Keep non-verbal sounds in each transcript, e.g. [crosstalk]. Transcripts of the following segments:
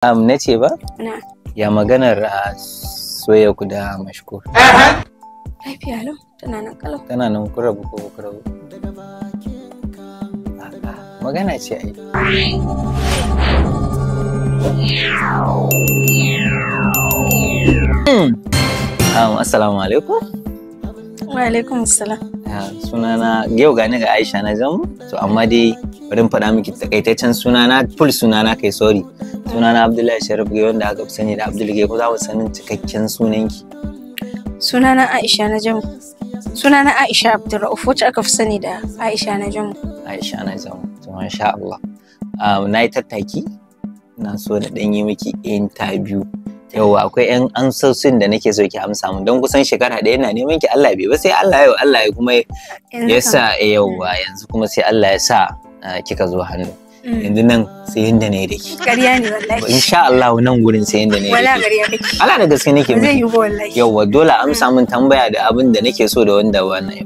amna ce ba? Na. Ya maganar a soya ku da mashkur. Lafiya alam, tana nan kalau. Tana nan kura buku Magana ce ai. Hmm. Assalamu alaikum. Wa alaikum salam. Sunana yau gani ga Aisha na jamu to amma dai bari faɗa miki takaitaccen sunana full sunana kai sorry. Sunana Abdullahi Sharif Gaye wanda aka fi sani da Abdul Gaye ko za mu sanin cikakken sunanki. Sunana Aisha na jamu. Sunana Aisha Abdulrauf wacce aka fi sani da Aisha na jamu. Aisha na jamu. To masha Allah. Ah, na yi tattaki na so da ɗan yi miki interview yauwa akwai yan ansosin da nake so ki amsa mun don kusan shekara ɗaya na neman ki Allah bai ba sai Allah yau Allah ya kuma ya sa eh, yauwa mm. yanzu kuma sai Allah ya sa eh, kika zo hannu mm. yanzu nan sai yanda ne da ki ƙarya ne wallahi insha Allah nan gurin sai yanda ne wala ƙarya ne Allah da gaske nake zai yi wallahi yauwa dole amsa mm. mun tambaya da abin da nake so da wanda wannan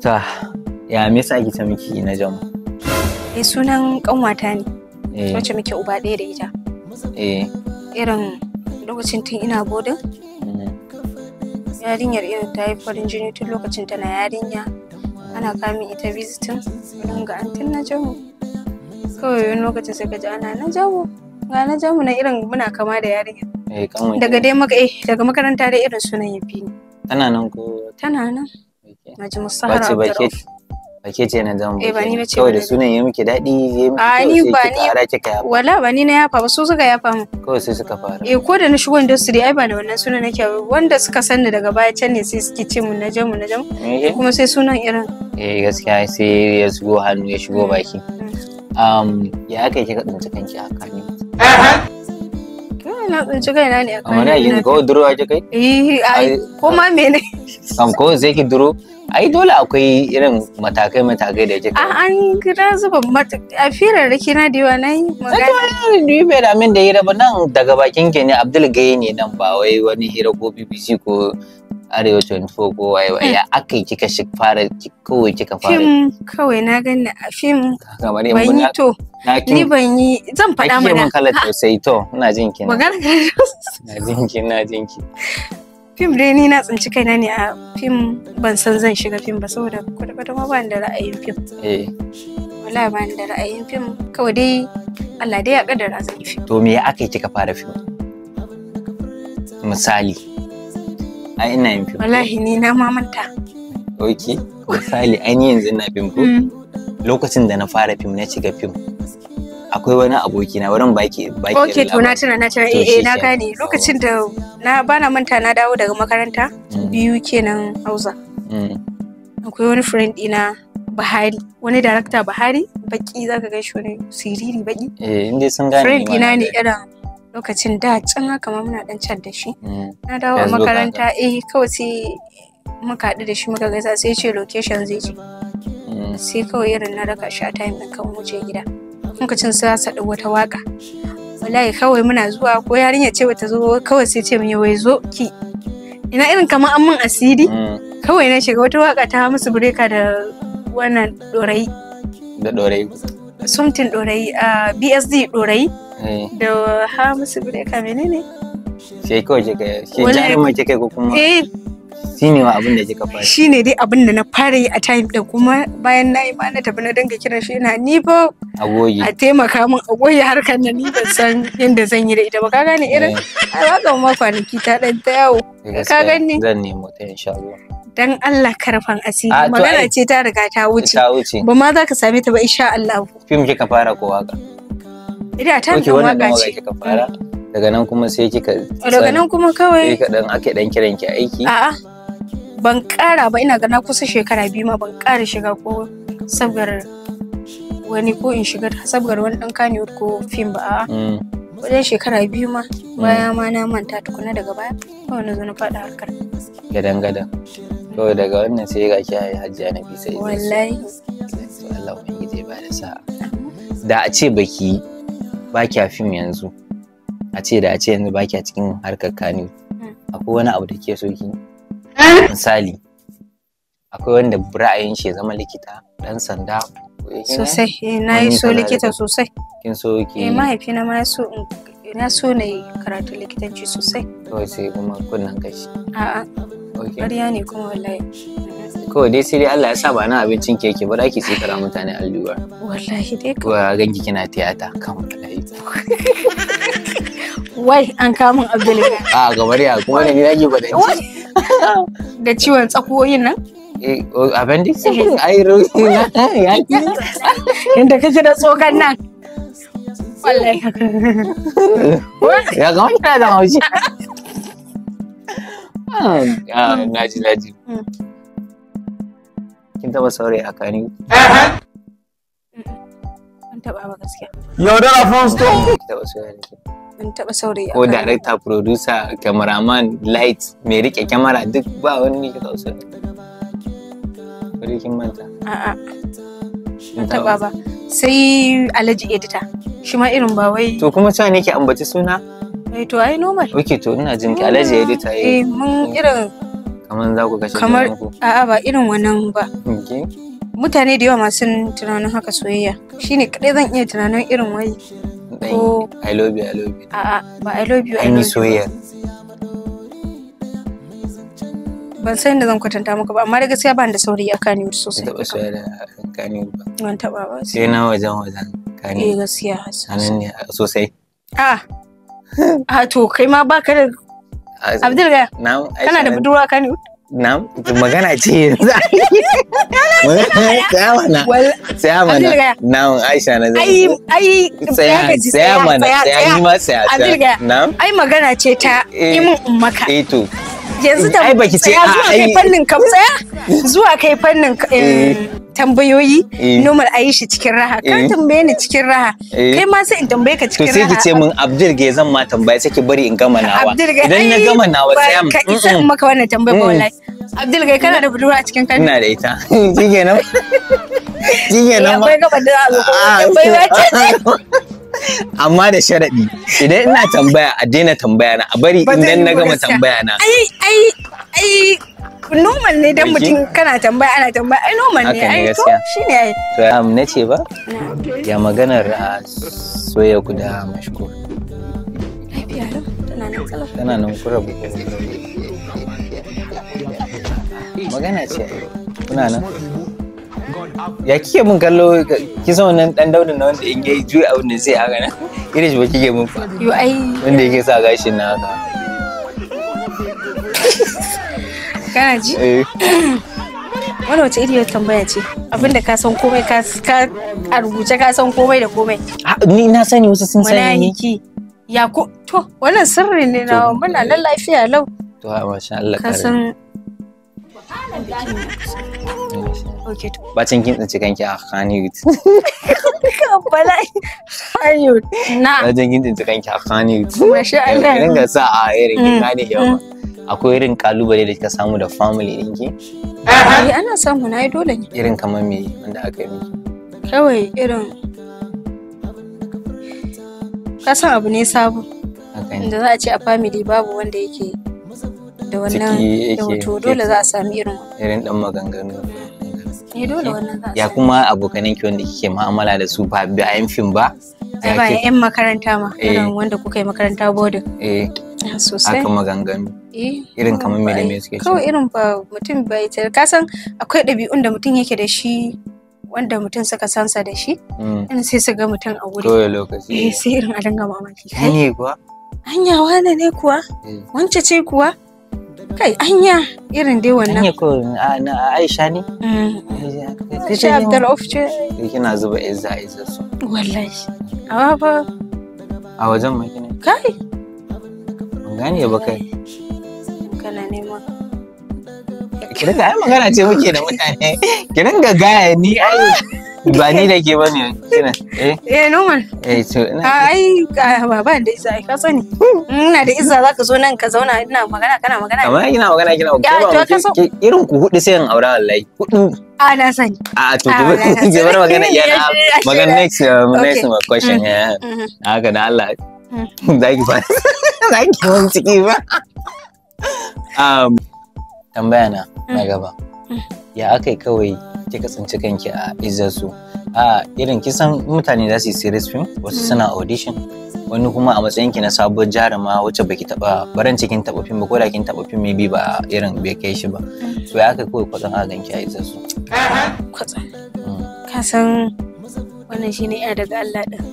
ta ya me yasa ki ta miki na jama eh sunan kanwata ne eh. wacce muke uba ɗaya da ita eh irin lokacin tun ina bodin yarinyar irin ta yi farin jini tun lokacin tana yarinya ana kamin ita visitin Wani ga antin na jamu kawai wani lokacin sai gaji ji ana na jamu ga na jamu na irin muna kama da yarinya eh, daga dai maka eh daga makaranta dai irin sunan ya fi tana nan ko tana nan na ji musahara ke ce eh, nan zamu ba ni na ce kawai da sunan ya miki daɗi ya miki a ni ba ni wala ba ni na yafa ba su suka yafa mu kawai sai suka fara eh ko da na shigo industry ai ba da wannan sunan nake wanda suka san sanni daga baya can ne sai suke ce mun na je mu na je eh, kuma sai sunan irin eh gaskiya sai ya shigo hannu ya shigo mm, baki mm. um ya aka kika tsinci kanki haka ne na tsinci kaina ne a kan wani yanzu kawai duro ake kai eh ai ko mene kam ko sai ki duro ai dole akwai irin matakai matakai da yake a an kira zuba a firarraki na da yawa na yi magana ni bai da min da hira ba nan daga bakin ke ne abdul gaye ne nan ba wai wani hira ko bbc ko arewa 24 ko waye Ya aka yi kika shi fara kawai kika fara fim kawai na gani a fim ban yi to ni ban yi zan faɗa mana ake kala tausayi to ina jin ki magana na jin ki na jin ki fim dai ni na tsinci kaina ne a fim ban san zan shiga fim ba saboda kwata-kwata ma ba da ra'ayin fim eh. Wala wallahi ba da ra'ayin fim kawai dai Allah dai ya kaddara zan yi fim to me aka yi kika fara fim misali ai ina yin fim wallahi ni na ma manta ok misali ai ni yanzu ina fim ko mm. lokacin da na fara fim na cika fim akwai wani aboki na wurin baki baki ok to na tuna na tuna eh, eh na gane lokacin da na bana manta na dawo daga makaranta mm. biyu kenan hausa mm. akwai wani friend ina Bahari wani darakta Bahari baki zaka gaishe wani siriri baki eh inda sun gane friend ina ne irin lokacin da can haka ma muna dan can da shi mm. na dawo a makaranta eh kawai sai muka haɗu da shi muka gaisa sai ce location zai je mm. sai kawai irin na raka shi a time din kan wuce gida lokacin sai sa wata waka wallahi kawai muna zuwa ko yarinya ce bata zo kawai sai ce mai wai zo ki ina irin kamar an mun asiri mm. kawai na shiga wata waka ta musu breka da wannan dorayi da dorayi something dorayi ah, bsd dorayi da hamisu breka menene sai kawai kika shi jarumar kika ko kuma shine wa abin da kika fara shine dai abin da na fara yi a time din kuma bayan na yi ma na tafi na danga kira shi na ni ba agoyi a taimaka min agoyi harkar na ni ban san yadda zan yi da ita ba ka gane irin alaƙa ma kwanaki ta dan ta yawo ka gane zan nemo ta insha Allah dan Allah karfan asiri magana ce ta riga ta wuce ba ma za ka same ta ba insha Allah fim kika fara ko waka Ida ta dan waka ce. daga nan kuma sai kika daga nan kuma kawai kika dan ake ɗan kiran ki aiki. A'a. Ban ƙara ba ina ga na kusa shekara biyu ma ban ƙara shiga ko sabgar wani ko in shiga sabgar wani ɗan kani ko fim ba a'a. Mm. Wajen shekara biyu ma mm. baya ma na manta tukuna daga baya kawai na zo na faɗa harkar. Gadan gadan. Kawai daga wannan sai ga ki hajjiya na bisa. Wallahi. Allah ubangiji ba da sa'a. Da a ce baki ba kya fim yanzu a ce da a ce yanzu ba kya cikin harkar kani akwai wani abu da ke so ki eh? misali akwai wanda ra'ayin shi zama likita dan sanda sosai eh, na yi so likita sosai kin so ki eh mahaifina ma ya so na so na yi karatu likitanci sosai to sai kuma kunnan kashi a'a ƙarya ne kuma wallahi kawai dai sai dai Allah ya sa ba na abincin keke ba ki tsikara mutane allura wallahi dai kawai ganki kina tiyata kan wallahi [laughs] wai an kamun abdul a gabar ya kuma ne na ki [laughs] da ciwon tsakoyin nan eh, appendix eh. ai [laughs] ya ki inda kake da tsokan nan wallahi ya ga da haushi Ah, hmm. naji naji hmm. kin taba saurayi a kani eh, eh. ban taba ba gaskiya yaudara from store kin taba saurayi ban ko director producer cameraman light mai rike kyamara duk ba wani ne ka taba saurayi bari kin manta a'a ban taba ba sai alhaji editor shi ma irin ba wai to kuma cewa ne ke ambaci suna eh to ai normal okay to ina jin ki alaji ya ta yi eh mun irin kamar za ku kashe kamar a'a ba irin wannan ba mutane da yawa masu tunanin haka soyayya shine kadai zan iya tunanin irin wai Oh, i love you i love you a'a ba i love you i love soyayya ban san da zan kwatanta maka ba amma da gaskiya ban da sauri a wuce sosai. Taba soya da Kannywood ba. Ban taba ba. Sai na wajen wajen Kannywood. Eh gaskiya. Anan ne sosai. Ah a ah, to kai ma ba ka da abdul ga kana da budurwa ka ne Na'am, magana ce yanzu. Tsaya mana. Tsaya mana. Na'am, Aisha na zai. Ai, ai, tsaya, mana. Tsaya ni ma tsaya. ga. Na'am. Ai magana ce ta eh, imin ummaka. Eh to. Yanzu ta. Ai baki ce a ai. Zuwa kai fannin ka tsaya. Zuwa kai fannin eh. Eh. tambayoyi eh. normal a yi shi cikin raha ka eh. tambaye ni cikin raha eh. kai ma sai in tambaye ka cikin raha to sai ki ce min Abdul ga zan ma tambaya sai ki bari in gama nawa idan na gama nawa sai am ka isa in maka wannan tambaye ba mm. wallahi Abdul ga kana da budurwa a cikin kai ina da ita [laughs] shikenan [laughs] shikenan ba gaba da abu ah, [laughs] amma da sharaɗi idan ina tambaya a daina tambaya na a bari idan na gama tambaya na ai ai ai normal ne dan mutum kana tambaya ana tambaya ai normal ne ai to shine ai to am nace ba ya maganar ah, soyayya ku da mashkur tana nan kura ku magana ce kuna nan ya kike mun kallo kisan wannan dan daudin na wanda in yayi juya abin da sai haka nan irin shi ba kike mun fa yo ai wanda yake sa gashin na haka kana ji eh. [clears throat] wani wace iri iriyar tambaya ce abinda ka san komai ka a rubuce ka san komai da komai ni na sani wasu sun sani ne ya ko to wannan sirri ne na muna nan lafiya lau to a masha Allah ka san bacin kin tsinci kanki a Khaniyut balai Khaniyut na bacin kin tsinci kanki a Khaniyut masha Allah ringa sa a irin Khaniyut mm. yawa mm. akwai irin kalubale da kika samu da family din ki? Eh ana samu nayi dole ne. Irin kamar me wanda aka yi miki? Kawai irin ka san abu ne sabu Da za a ce a family babu wanda yake da wannan to dole za a sami irin irin dan maganganu. Eh dole wannan za Ya kuma abokanan ki wanda kike mu'amala da su ba bayan fim ba? Eh, ba 'yan makaranta ma, eh. wanda kuka yi makaranta boarding. Eh, sosai. Aka maganganu. Eh, irin mm, kamar me da me suke kawai irin ba mutum bai tsayar ka san akwai ɗabi'un da mutum yake da shi wanda mutum suka sansa da shi mm. in sai su ga mutum a wuri kawai lokaci eh sai irin a dinga mamaki kai ne kuwa anya wane ne kuwa eh. wance ce kuwa kai anya irin dai wannan anya ko na Aisha ne mm. ta ce Abdul ce eh, kina zuba izza izza su wallahi a ba a wajen mai kai gane ba kai kana neman ki ringa ai magana ce muke da mutane ki ringa gaya ni ai ba ni da ke ba ne kina eh eh noman eh to ina ah, ai ba da isa ai ka sani ina da isa zaka zo nan ka zauna ina magana kana magana amma ina magana kina ko irin ku hudu sai in aura wallahi hudu a ah, na sani a ah, to ki bar magana [laughs] ya na magana next uh, next question mm-hmm. ya mm-hmm. haka da Allah zaki ba zaki mun ciki ba Um, tambaya na na mm. gaba mm. ya aka yi kawai ki kasance kanki a izarsu a irin kisan mutane za su yi series film wasu mm. suna audition wani kuma a matsayinki na sabuwar jarama wacce baki taba baran cikin taba film ba ko da kin taba film bi ba irin bai kai shi ba to ya aka kawai kwatsan aka ganki a izarsu kwatsan ka san wannan shine ya daga Allah din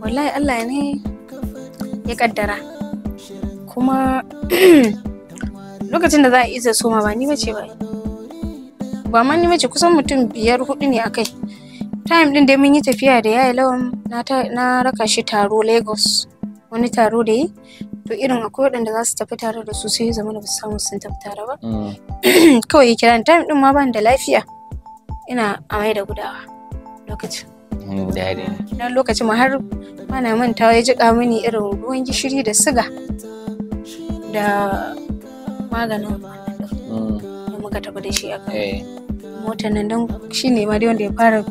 wallahi Allah ne ya kaddara kuma [clears throat] lokacin da za a iza soma ba ni bace ba ba ma ni bace kusan mutum biyar hudu ne akai time din da mun yi tafiya da yayi lawan na raka shi taro lagos wani taro da yi to irin akwai waɗanda za su tafi tare da su sai ya zama da basu samu sun tafi tare ba mm. [clears throat] kawai ya kira time din ma ban da lafiya ina amai da gudawa lokacin daɗi na lokacin ma har mana manta ya jiƙa mini irin ruwan gishiri da siga da maganin da mm. muka tafi da shi a kan eh. motar nan don shi ne ma dai wanda ya fara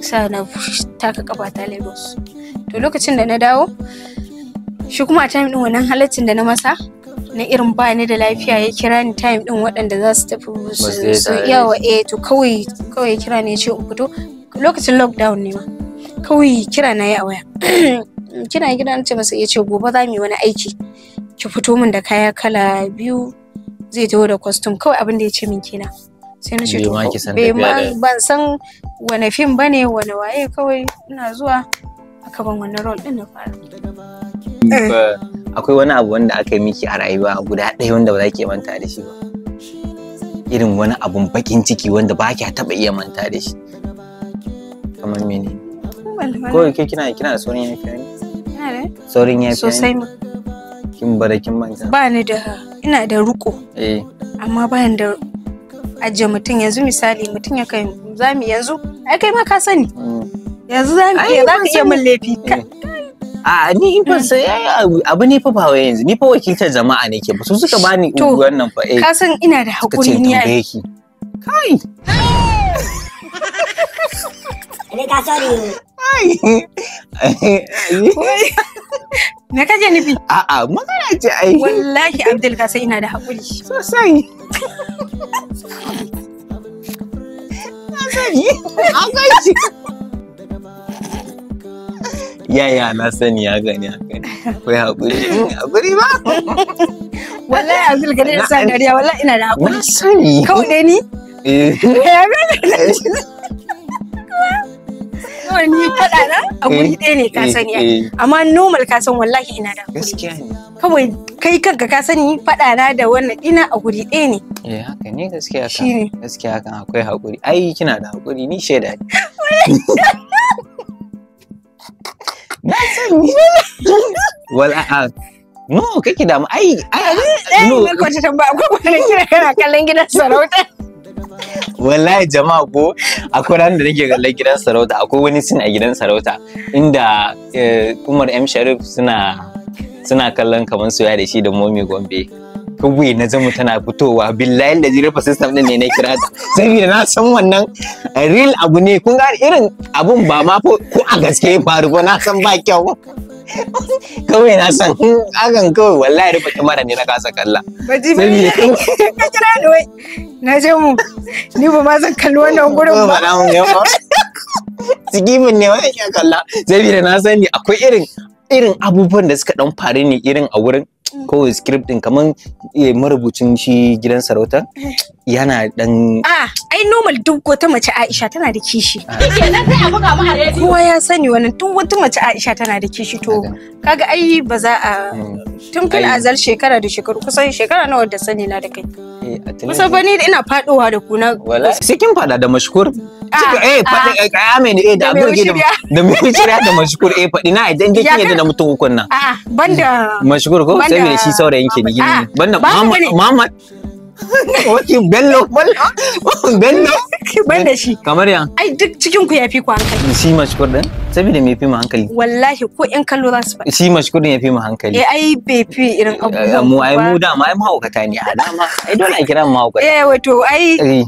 sa na taka kafa ta lagos to lokacin da na dawo shi kuma a time din wannan halaccin da na masa na irin ba ni da lafiya ya kira ni time din waɗanda za su tafi su yawa eh to kawai kawai kira ne ya ce in fito lokacin lockdown ne ma kawai kira na yi a waya [clears throat] kira gida na ce masa ya ce gobe za mu yi wani aiki ki fito min da kaya kala biyu zai taho da kwastum kawai abin da ya ce min kina. sai na ce bai ma ban san wane fim bane wane waye kawai ina zuwa aka ban wannan role din na fara eh. akwai wani abu wanda aka yi miki a rayuwa guda ɗaya wanda ba za ki manta da shi ba irin wani abun bakin ciki wanda ba kya taɓa iya manta da shi kamar mene Ko ke kina kina da saurin yafiya ne ina da saurin yafiya sosai ma kin bada kin manta ba ni da ina da ruko eh amma ba ni da ajiye mutum yanzu misali mutum ya kai zamu yanzu ai kai ma ka sani mm. yanzu zamu iya za ka iya min laifi eh. a ni in ban sai eh, abu ne fa ba yanzu ni fa wakiltar jama'a ne ke ba su suka bani unguwar nan fa eh ka san ina da hakuri ni ai kai [laughs] Ele tá sorinho. Me ka je ah, A'a, magana ce ai. Wallahi Abdul Kasai ina da hakuri. Sosai. Sosai. Akwai shi. ya na sani ya gani ya gani. Akwai hakuri. Hakuri ba? Wallahi Abdul Kasai yana sa dariya, wallahi ina da hakuri. Na sani. Kawai dai ni? Eh. Ya kawai ni faɗa na a eh, guri ɗaya ne ka eh, sani eh. amma normal ka san wallahi ina da gaskiya ne kawai kai kanka ka sani faɗa na da wannan ina a guri ɗaya ne eh haka ne gaskiya ka gaskiya kan akwai hakuri ai kina da hakuri ni shaida ne [laughs] wal'a no kake damu ai ai no kwace tamba akwai kwanan kira kana kallon gidan sarauta wallahi jama'a ko akwai ranar da nake kallon gidan sarauta akwai wani sin a gidan sarauta inda eh, umar m sharif suna suna kallon kamar soya da shi da momi gombe kawai na zama tana fitowa billahi da zira system din ne na kira ta saboda na san wannan real abu ne kun ga irin abun ba ma ko a gaske faru ba na san ba kyau kawai na san hakan kawai wallahi rufe kamar ne na kasa kalla saboda ka kira ni wai na je mu ni ba ma zan kalli wannan gurin ba sigimin ne wai ya kalla saboda na sani akwai irin irin abubuwan da suka dan faru ne irin a wurin ko script din kaman eh, marubucin shi gidan sarauta eh. yana dan a ai normal duk wata mace Aisha tana da kishi ah. kowa ya sani wannan duk wata mace Aisha tana da kishi to kaga ai ba za a hmm. tun fil azal shekara da shekaru kusan shekara nawa da sani na da kai eh, kusa fa ni ina fadowa da ku na sai kin fada da mashkur ah, eh ah. fada eh kayame ne eh da abirge da da mai shirya da mashkur eh faɗi na idan kike yadda da mutum ukun nan. A'a banda mashkur ko sai saboda shi saurayin ke ni ah, banda Muhammad Wakin [laughs] bello, bello, bello [laughs] shi. Kamar yan. Ai duk cikin ku ya fi ku hankali. Shi mashkur din? Saboda me fi mu hankali. Wallahi ko in kallo za su ba Shi mashkur din yafi fi mu hankali. Eh ai bai fi irin eh, abubuwa Mu ai mu ma ai mahaukata ne a dama. Ai dole a kira mu mahaukata. Eh wato ai. Eh.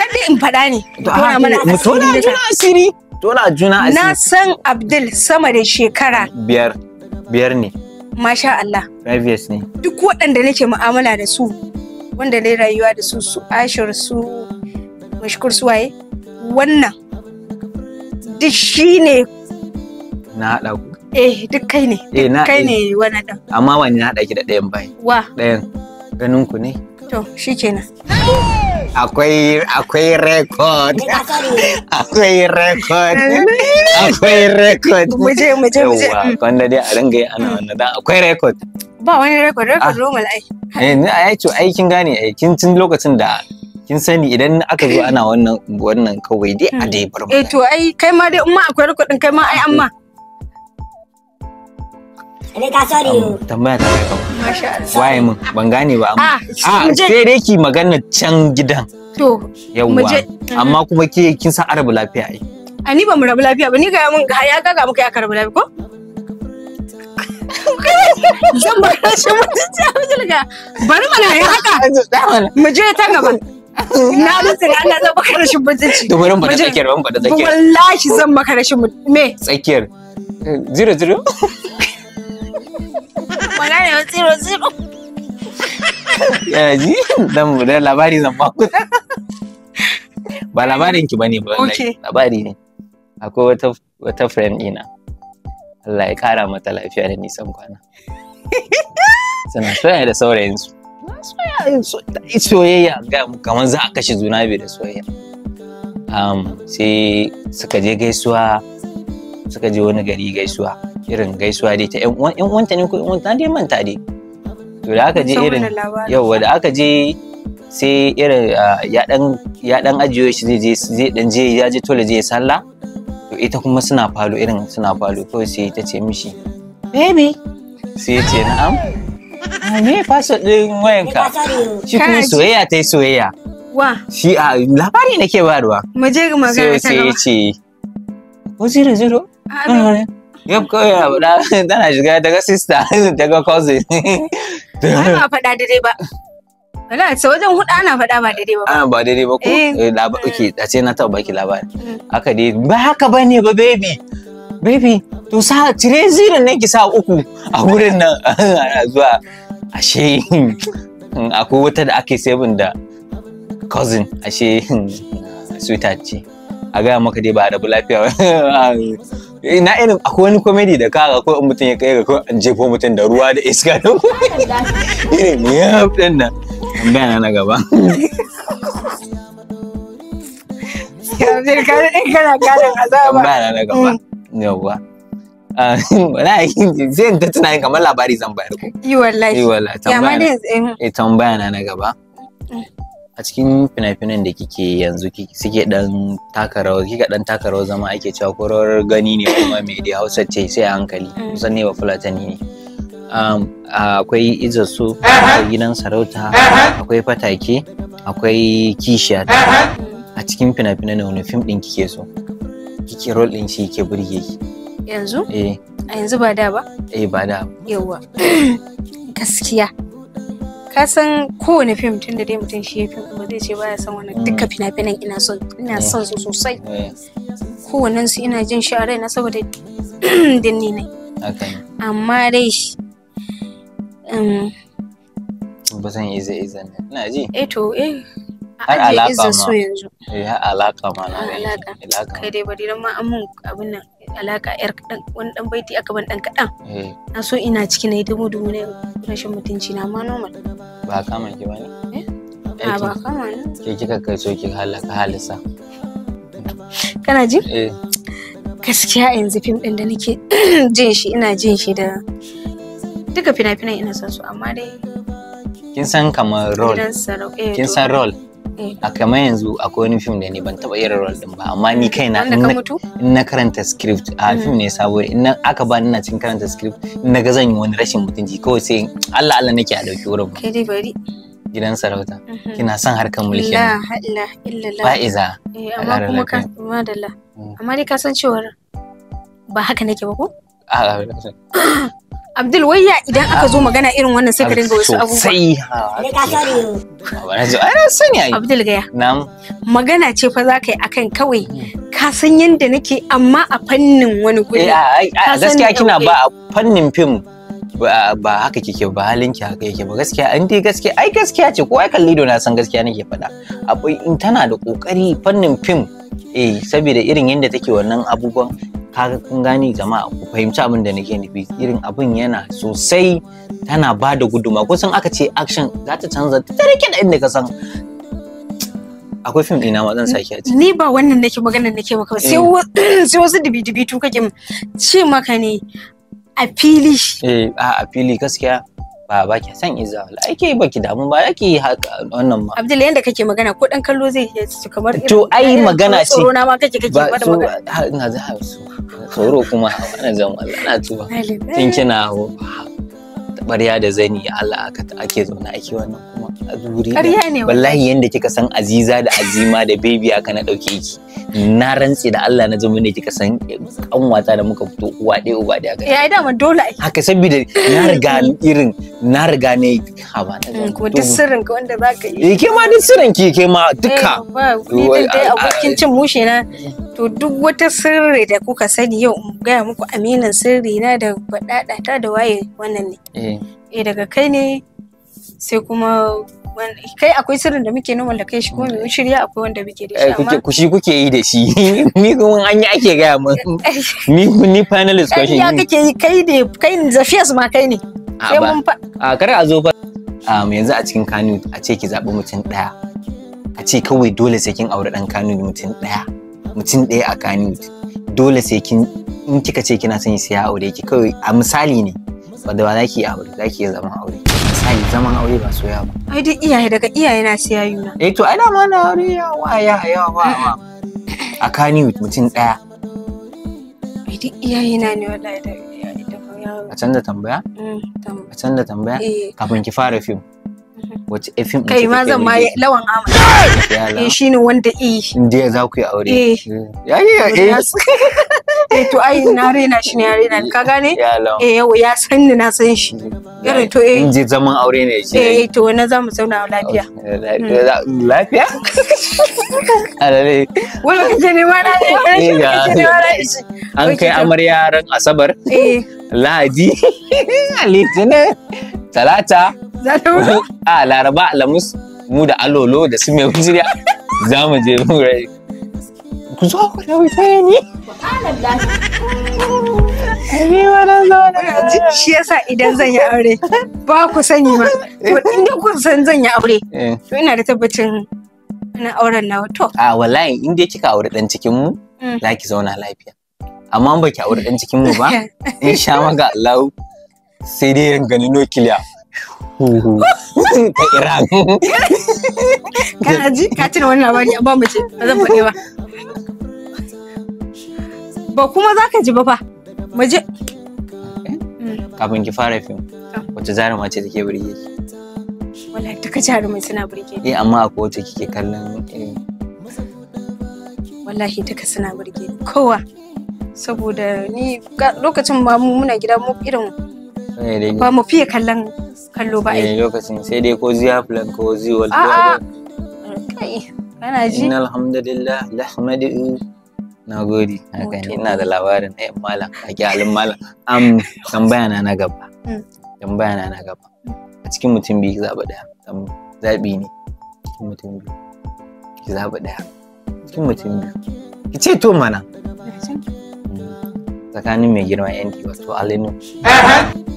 Kada in faɗa ne. Ah, tona mana asiri. Tona juna asiri. Na san Abdul sama da shekara. Biyar. biyar ne masha Allah previous ne duk waɗanda nake mu'amala da su wanda ne rayuwa da su su ashir su mashkur su waye wannan duk shi ne na haɗa ku eh duk kai ne eh, Duk kai ne eh. wani ɗan amma wani na haɗa ki da ɗayan bai wa ɗayan ganin ku ne to shikenan akwai akwai record akwai record [laughs] akwai record muje muje muje wanda dai a ringa yi ana wannan da akwai record ba wani record record ah. normal ai eh ni ai to ai kin gane ai kin tun lokacin da kin sani idan aka zo ana wannan wannan kawai dai a dai bar eh to ai kai ma dai in ma akwai record din kai ma ai amma ne ka sorry tambaya ta kai kawai waye mun ban gane ba amma a ah, ah, sai dai ki magana can gidan to yawwa amma mhm. kuma ke kin san arabu lafiya ai a ni ba mu rabu lafiya ba ni ga mun ga ya ga ga muka ya karbu lafiya ko [laughs] zan ba shi mutunci a mijilga bari mana ya haka mu je ta gaba na mutu na na zan maka rashin mutunci da bari bada tsakiyar ban bada tsakiyar wallahi zan maka rashin me tsakiyar eh, zero zero [laughs] magana ba tsiro tsiro yana ji dan mu da labari zan ba ku ba labarin ki bane ba labari ne akwai wata wata friend ina Allah ya kara mata lafiya da nisan kwana suna soyayya da saurayinsu soyayya kamar za a kashe juna biyu da soyayya um, sai suka je gaisuwa suka je wani gari gaisuwa irin gaisuwa dai ta yan uwanta ne ko yan uwanta dai manta dai to da aka je irin yawa da aka je sai irin ya dan ya dan ajiyo shi zai je zai dan je ya je tole je sallah to ita kuma suna falo irin suna falo kawai sai ta ce mishi baby sai ya ce na'am ah, me password din wayanka shi kuma soyayya ta yi soyayya wa shi a labari nake bayarwa mu je magana ta gaba sai ya ce ko zero 000 Gap kau ya faɗa nak juga daga sista daga cousin. Ana faɗa daidai ba. Wala ce wajen hudu ana faɗa ba daidai ba. Ah ba daidai ba ko labari a ce na taɓa baki labari. Haka dai ba haka bane ba baby. Baby to sa cire zirin ne ki sa uku a wurin nan ana zuwa ashe akwai wata da ake sabin da cousin ashe [laughs] sweetheart ce. A gaya maka dai ba a rabu lafiya Eh, na irin akwai wani komedi da kaga ko in mutum ya kai ga ko an jefo mutum da ruwa da iska da [laughs] ne ya fitan nan gana na gaba ka in azaba na gaba mm. yawwa ah, [laughs] wallahi zai ga tunanin kamar labari zan bayar ku yi wallahi yi wallahi tambaya na eh. Eh, gaba a cikin fina-finan da kike yanzu suke dan taka rawar kika dan taka rawar zama ake cewa ko rawar gani ne kuma mai dai, Hausa ce sai a hankali mm. kusan ne ba Fulatani ne um, akwai izo su akwai gidan sarauta akwai fatake akwai kishiya a cikin fina-finan da wani fim din kike so kike rol din shi ke burge ki yanzu eh a yanzu ba da ba eh ba da yawa [clears throat] gaskiya ka san kowane fim tun da dai mutum shi ya fim ba zai ce baya son wani duka fina-finan ina son ina eh. son su sosai eh. kowannen su ina jin shi a raina saboda [clears throat] dinni ne amma dai shi um, ba zan iza iza ne na ji eh to eh har alaka ma eh har alaka ma na alaka kai dai bari ma amun abin nan alaka yar kadan wani dan baiti aka ban dan kadan eh. na so ina ciki na yi dumu ne rashin mutunci na ma normal ba kama ki bane eh, eh ba kama ne ke kika kai so ki halaka halisa kana ji eh gaskiya yanzu fim din da nake [clears throat] jin shi ina jin shi da duka fina-finan ina son su amma dai kin san kamar role eh, kin san role a kama yanzu akwai wani fim da ni ban taba irin role din ba amma ni kaina in na karanta script a mm. fim ne sabo in aka ba ina cikin karanta script in na ga zan yi wani rashin mutunci kawai sai Allah Allah nake a dauki wurin ba dai bari gidan sarauta mm-hmm. kina son harkar mulki la illa illallah fa'iza eh, amma kuma ka madalla mm. amma dai ka san cewa ba haka nake ba ko a'a [coughs] Abdul wayya idan aka zo magana irin wannan sai ka dinga wasu abubuwa. Sai. Ana son yayi. Abdul gaya. Na'am. Magana ce fa za ka yi akan kawai ka san yadda nake amma a fannin wani guri. Eh, gaskiya kina ba a fannin fim ba haka kike ba halin ki haka yake ba gaskiya an dai gaskiya ai gaskiya ce kowa kalli Lido na san gaskiya nake faɗa. akwai in tana da kokari fannin fim eh saboda irin yadda take wannan abubuwan kaga kun gani jama'a ku fahimci abin da nake nufi irin abin yana sosai tana ba da guduma kusan aka ce action za ta canza ta rike da inda ka san akwai fim ɗina ma zan sake a ni ba wannan nake magana nake maka eh. [clears throat] sai wasu dibi tu kake ce maka ne a fili eh a fili gaskiya ba ba ki san iza wala ake ba ki damu ba yake haka wannan ma Abdul yanda kake magana ko dan kallo zai su kamar to ai magana ce tsoro na ma kake kake ba da magana ina za su tsoro kuma ana zan Allah na tuba kin kina ho ƙarya da zani Allah aka ake zaune ake wannan kuma a zuri ƙarya ne wallahi yanda kika san aziza da azima da baby aka na dauke ki na rantse da Allah na zama ne kika san wata da muka fito uwa ɗaya uba ɗaya ga ya dama dole ake haka saboda na riga [laughs] irin na riga ne ba na mm, ko duk sirrin ka wanda zaka yi eh, ke ma duk sirrin ki ke ma duka eh, ba ni dai abokin cin mushe na to duk wata sirri da kuka sani yau in gaya muku aminin sirri na da faɗaɗata da waye wannan ne eh. eh daga kai ne sai kuma kai akwai sirrin da muke noma da kai shi kuma mm. mun shirya akwai wanda muke da shi eh, amma ku shi kuke yi da shi [laughs] ni kuma an yi ake gaya min [laughs] ni ni ko shi ya kake yi kai ne kai zafiyas ma kai ne ah, sai mun fa a ah, kar a zo fa ah, yanzu a cikin kanu a ce ki zaɓi mutum ɗaya a ce kawai dole sai kin aure ɗan kanu mutum ɗaya mutum ɗaya a kani dole sai kin in kika ce kina son sai ya aure ki kawai a misali ne da ba za ki yi aure za ki yi zaman aure misali zaman aure ba soya ba ai duk iyaye daga iyaye na sai yi na eh to ai dama na aure ya wa ya ya wa a kani mutum ɗaya ai duk iyaye na ne wallahi da a canza tambaya? Mm, a canza tambaya? Eh. kafin ki fara fim wace eh, FM kai ma zan ma lawan amana eh ne wanda eh inda za ku yi aure eh. Ya eh yayi eh eh to ai na rena shi ne ya rena ka gane eh yau ya san ni na san shi irin to eh inji zaman aure ne shi eh to na za mu zauna lafiya hmm. lafiya [laughs] alale wani kace ne ma na ne an kai amarya ran asabar eh [laughs] lahadi [laughs] litinin talata za ta mutu a laraba alamus mu da alolo da su mai wujiriya za mu je mu rai ku zo ku da wuta ne ni wani zaune shi yasa idan zan yi aure ba ku sani ma to inda kun san zan yi aure eh. to ina da tabbacin na auren na to a wallahi in dai kika aure dan cikin mu mm. za ki zauna lafiya amma ba ki aure dan cikin mu ba [laughs] in sha maka Allah sai dai ganin nukiliya ta ji ka amma mu ba ba. Ba kuma za ka ji ba ba Mu je. Kafin ki fara fim. Ah. Wace jaruma ce take burge ki? Wallahi duka jarumai suna burge ni. Eh amma akwai wacce kike kallon irin. Eh, Wallahi duka suna burge ni kowa. Saboda ni lokacin mu muna gida mu irin eh, ba mu fiye kallon kallo ba eh, ai lokacin sai dai ko ziya plan ko ziwa wal a kai kana ji inna alhamdulillah lahmadu na gode haka ne ina da labarin ɗayan eh, malam a kyalin malam am tambaya na na gaba mm. tambaya na na gaba a cikin mutum biyu zaɓa ɗaya zaɓi ne cikin mutum biyu ki zaɓa ɗaya cikin mutum biyu ki ce to mana mm. tsakanin mai girma yanki wato alinu eh,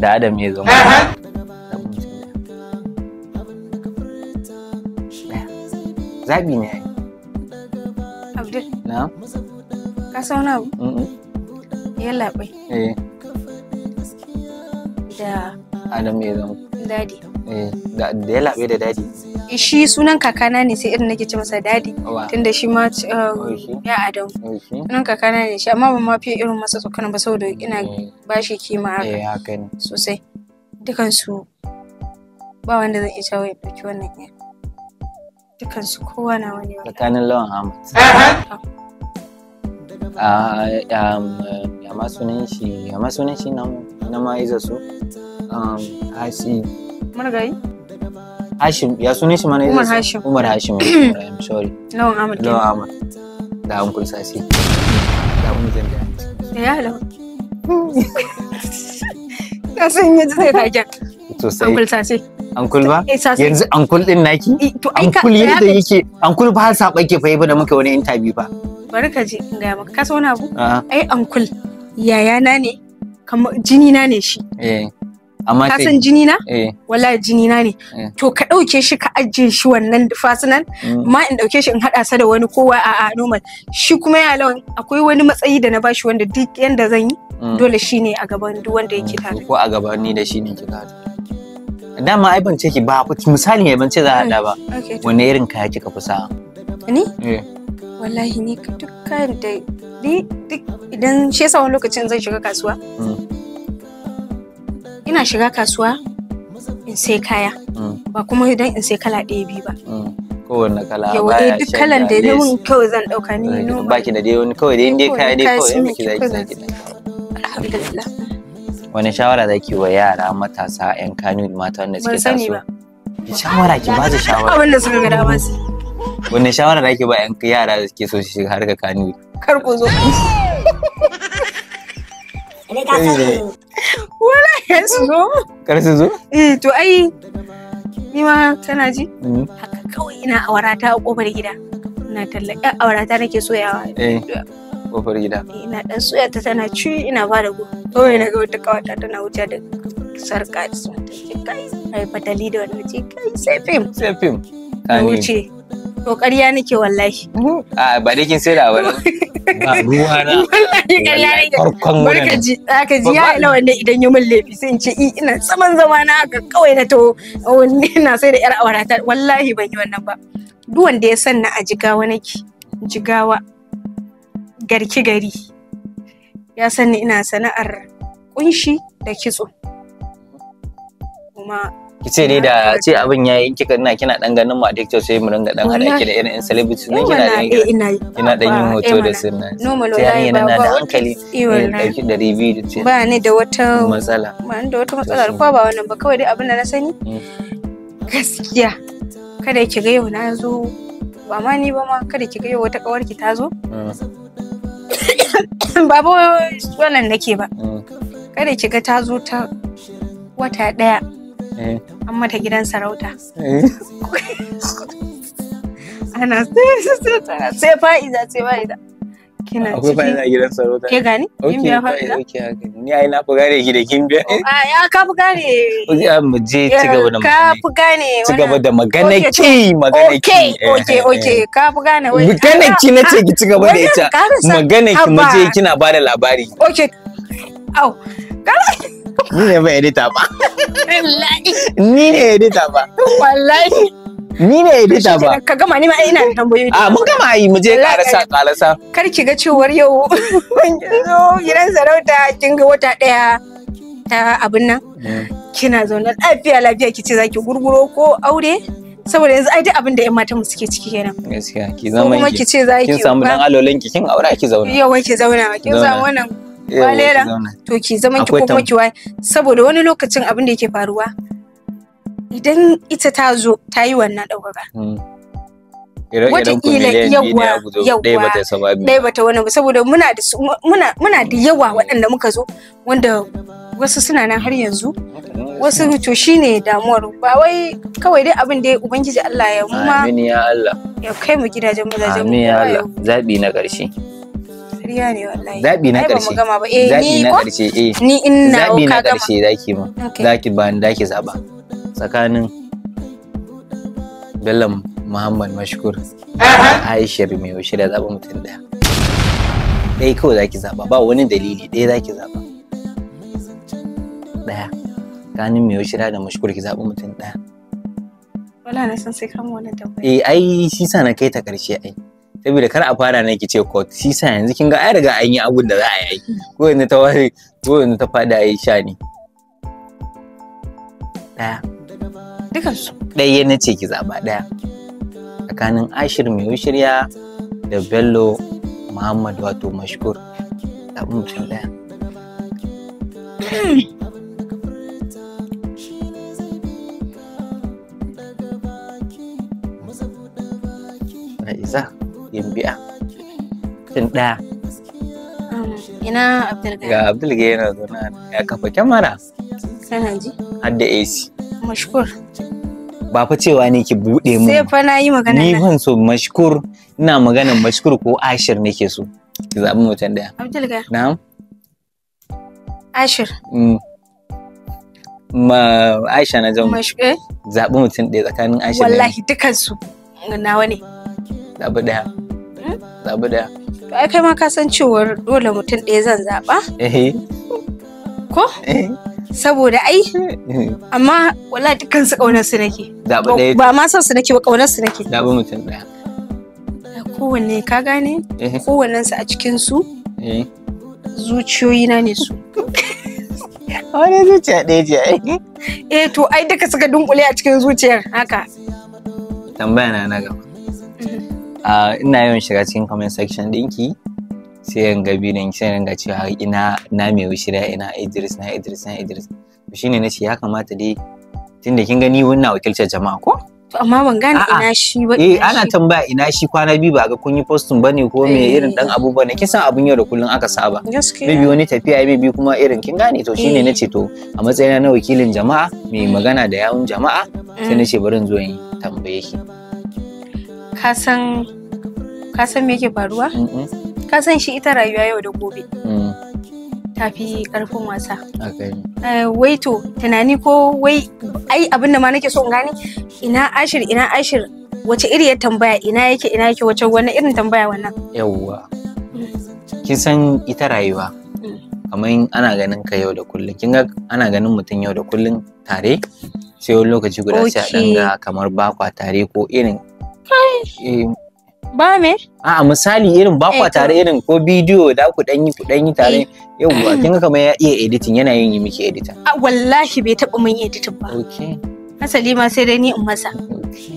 da adam ya zama zaɓi ne abdul na ka sauna ya labai eh. da adam ya zama dadi eh, da ya labe da dadi shi sunan kakana ne sai irin nake ce masa dadi tunda shi ma um, ya adam sunan kakana ne shi amma ban ma fiye irin masa tsokana ba saboda ina eh. ba shi kima haka eh, sosai dukansu ba wanda zan iya cewa ya ɗauki wannan iya dukansu kowa na wani wani tsakanin lawan hamad ah, um, ya ma sunan shi ya ma sunan shi na ma iza su hasi um, murgayi Hashim ya sune shi mana Umar Hashim Umar Hashim I'm sorry Lawan Ahmad Lawan Ahmad da an kun sasi da mun zan da ya lawan [laughs] ka san yanzu sai taken to sai an kun sasi ankul ba eh, yanzu ankul din naki eh, ankul yadda yake ankul ba sa bake fa yabi da muka wani interview ba bari ka ji in gaya maka ka so wani abu ah. ai ankul yayana ne kamar jini na ne shi eh. amma ka san jini na eh. wallahi jini na ne eh. to ka dauke shi ka ajiye shi wannan fasinan mm. ma in dauke shi in hada sa da wani kowa a a normal shi kuma ya lawan akwai wani matsayi da na bashi wanda duk yanda zan yi mm. dole shine a gaban duk wanda yake mm. tare ko a gaban ni da shine kika dama ai ban ce ki ba misali ne ban ce za a hada ba wani irin kaya kika fi sa ni eh. wallahi ni dukkan da ni duk idan shi yasa wani lokacin zan shiga kasuwa ina shiga kasuwa in sai kaya mm. ba kuma idan in sai kala ɗaya biyu ba mm. kowanne kala yawa eh duk kalan da ne mun kawai zan dauka ni no baki da dai wani kawai dai indai kaya dai kawai miki zaki zaki alhamdulillah wani shawara zaki wa yara matasa yan kanu mata wanda suke tasowa ki shawara ki ba shawara [laughs] abinda suka ga dama su wani shawara zaki ba yan yara da suke so su shiga harkar kanu kar ku zo [laughs] kar su zo kar su zo eh to ai ni ma kana ji mm. haka kawai ina awarata a kofar gida ina tallaka eh, awarata nake soyawa eh kofar gida eh, ina ɗan soya ta tana ci ina ba da kawai na ga wata kawata tana wuce da sarka da su kai ai fatali da wani ce kai sai fim sai fim ka wuce To ƙarya nake wallahi. Mhm. A ba dai kin sai da wani. Ba ruwa na. Wallahi ƙarya nake. Farkon wani. Barka ji aka ji ya ila wanda idan ya mun laifi sai in ce i ina tsaman zama na haka kawai na to na sai da yar awara ta wallahi ban yi wannan ba. Duk wanda ya san na a jigawa nake. Jigawa. Garki gari. Ya san ni ina sana'ar kunshi da kitso. Kuma ki ce dai da ce abin yayi kika ina kina dan ganin mu a TikTok sai mu ringa dan hada ki da irin in celebrity ne eh, kina dan eh, kina dan yin hoto eh, da sunna sai an yana na da hankali ne dauki da review ce ba ni da wata matsala ba ni da wata matsala ko ba wannan ba kawai dai abin da na sani mm. gaskiya kada ki ga yau na zo ba ma ni ba ma kada ki ga yau wata kawar ki ta zo mm. [coughs] ba ba wannan nake ba mm. kada ki ga ta zo ta wata daya Eh. an mata gidan sarauta eh. [laughs] ana sai sai sai fa'iza sai fa'iza kina akwai fa'iza gidan sarauta ke gani kin biya fa'iza ni ai na fi gane ki da kin biya oh, ah, ya ka fi gane ah, mu je ci gaba da magana ka fi gane ci gaba da magana ki magana ki eh, Ok, ok, ok. ka fi gane magana ki na ce ki ci gaba da ita magana ki mu je kina ba da labari Ok. au ni ne ba edita [laughs] ba wallahi ni ne edita ba wallahi ni ne edita ba ka gama ni ma ina da tambayoyi a ah, mun gama yi mu je karasa karasa kar ki ga cewar yau ban [laughs] zo gidan sarauta kin ga wata daya ta abin nan mm. kina zaune lafiya lafiya ki ce zaki gurguro ko aure saboda yanzu ai duk abin da yan mata mu suke ciki kenan gaskiya ki zama ki kin samu dan alolan ki kin aure ki zauna yau ki zauna ki zauna wannan Walera to ki zama ki ko ki wai saboda wani lokacin abin da yake faruwa idan ita ta zo ta yi wannan ɗaukaka. Wataƙila yawa yawa ɗaya bata wani ba saboda muna da muna muna da yawa hmm. waɗanda muka zo wanda wasu suna nan har yanzu hmm. wasu to shine damuwar ba wai kawai dai abin da ubangiji Allah ya mu ma ya Allah ya kai mu gidajen mu da mazajen amin ya Allah zabi na ƙarshe Ƙarya ne wallahi. Zaɓi na ƙarshe. Eh, Zaɓi na ƙarshe eh. Ni in na Zaɓi na ƙarshe zaki ma. Zaki ba ni zaki zaɓa. Tsakanin Bello Muhammad Mashkur. Aisha mai yaushe da zaɓa mutum ɗaya. Ɗaya kawai zaki zaba ba wani dalili ɗaya zaki zaba, Ɗaya. Tsakanin mai yaushe da mashkur ki zaɓa mutum ɗaya. Wala na san sai kama wani da Eh ai shi sa na kai ta ƙarshe ai. saboda kar a fara nake ce ko shi sa yanzu kin ga ai riga an yi abun da za a yi ko yanzu ta ware ko yanzu ta fada yi sha ne daya dukan su ɗaya na ce ki zaba daya tsakanin ashir mai shirya da bello muhammad wato mashkur zaɓi mutum ɗaya hmm. Isa. yambi'a tun ɗaya ina abdul ga abdul ga yana zaune ya kafa kyamara kana ji har da ac mashkur ba fa cewa ne ki buɗe mu sai fa na yi magana ni ban so mashkur ina magana mashkur ko ashir nake so ki zaɓi mutum ɗaya abdul ga na'am ashir mm. ma Aisha na jan eh? zaɓi mutum ɗaya tsakanin Aisha wallahi dukansu nawa ne zaɓi ɗaya zaɓi ɗaya. To ai kai ma ka san cewar dole mutum ɗaya zan zaɓa? Eh. Ko? Eh. Saboda ai, eh. amma wala dukkan su ƙaunar su nake. Ba ma son su nake ba ƙaunar su nake. Zaɓi mutum ɗaya. Kowanne ka gane? Kowannensu a cikin su. Zuciyoyi na ne su. [laughs] Wani zuciya ɗaya ce ai. Eh to ai duka suka dunkule a cikin zuciyar haka. Tambaya na na gaba. ina yawan shiga cikin comment section ɗinki sai gabi da bidiyon sai in ga cewa ina na mai wushi da ina Idris na Idris na Idris to shine na ce ya kamata dai tunda kin gani wannan wakiltar jama'a ko to amma ban gane ina shi ba eh ana tambaya ina shi kwana biyu ba ga kun yi postin bane ko me eh. irin dan abubuwa ne kisan abun yau da kullun aka saba maybe wani tafiya maybe kuma irin kin gane to shine na eh. ce to a matsayina na wakilin jama'a mai magana da yawun jama'a sai mm. ce bari in zo in tambaye ki Kasan kasan me yake faruwa kasan shi ita rayuwa yau da gobe mm. tafi karfin wasa eh, wai to tunani ko wai ai abin da ma nake so in gane ina ashir ina ashir wace iri ya tambaya ina yake ina yake wace wannan? irin tambaya wannan yawwa mm. kin san ita rayuwa mm. kamar ana ganin ka yau da kullum kin ga ana ganin mutum yau da kullum tare sai wani lokaci guda sai a ga kamar bakwa tare ko irin Eh. ba me a misali irin ba kwa eh, tare irin ko bidiyo da ku dan yi ku dan yi tare eh. yauwa kin ga kamar ya iya editing yana yin yi miki editing a ah, wallahi bai taba mun editing ba okay asali ma sai dai ni in masa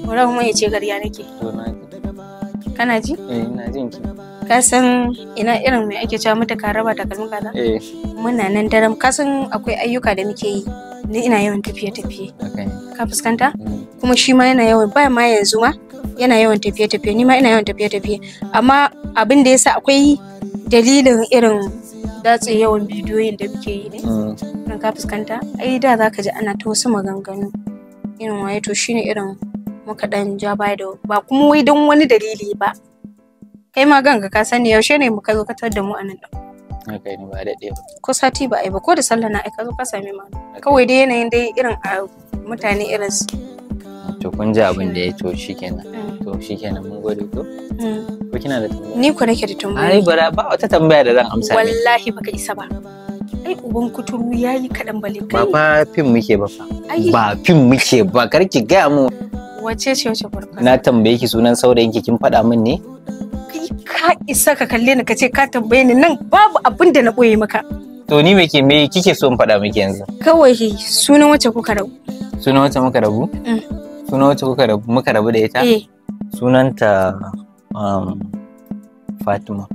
wurin mun yace gariya nake kana ji eh ina jin ki ka san ina irin mai ake cewa mata karaba da kalmi kaza muna nan daram ka san akwai ayyuka da muke yi ni ina yawan tafiye tafiye ka fuskanta mm. kuma shi ma yana yawan ba ma yanzu ma yana yawan tafiye-tafiye ni ma ina yawan tafiye-tafiye amma abin da yasa akwai dalilin irin datse yawan bidiyoyin da muke yi ne kan mm. ka fuskanta ai da zaka ji ana ta wasu maganganu irin waye to shine irin muka dan ja baya da ba kuma wai don wani dalili ba kai ma ganga ka sani yaushe ne muka zo ka tar da mu a nan kai ne ba daɗe ba ko sati ba ai ba ko da sallah na ai ka zo ka same mu kawai dai yanayin dai irin mutane irin su. to kun ji abin da ya to kenan, to kenan mun gode to ko kina da tambaya ni ko nake da tambaya ai bara ba wata tambaya da zan amsa wallahi baka isa ba ai uban kuturu yayi kadan bale kai ba fa fim muke ba fa ba fim muke ba kar ki ga mu wace ce wace farko na tambaye ki sunan saurayin ki kin fada min ne kai ka isa ka kalle ni ka ce ka tambaye ni nan babu abin da na boye maka to ni me ke me kike so in fada miki yanzu kawai sunan wace kuka rabu sunan wace muka rabu mm. suna wacce muka rabu da ita eh. sunanta um, fatima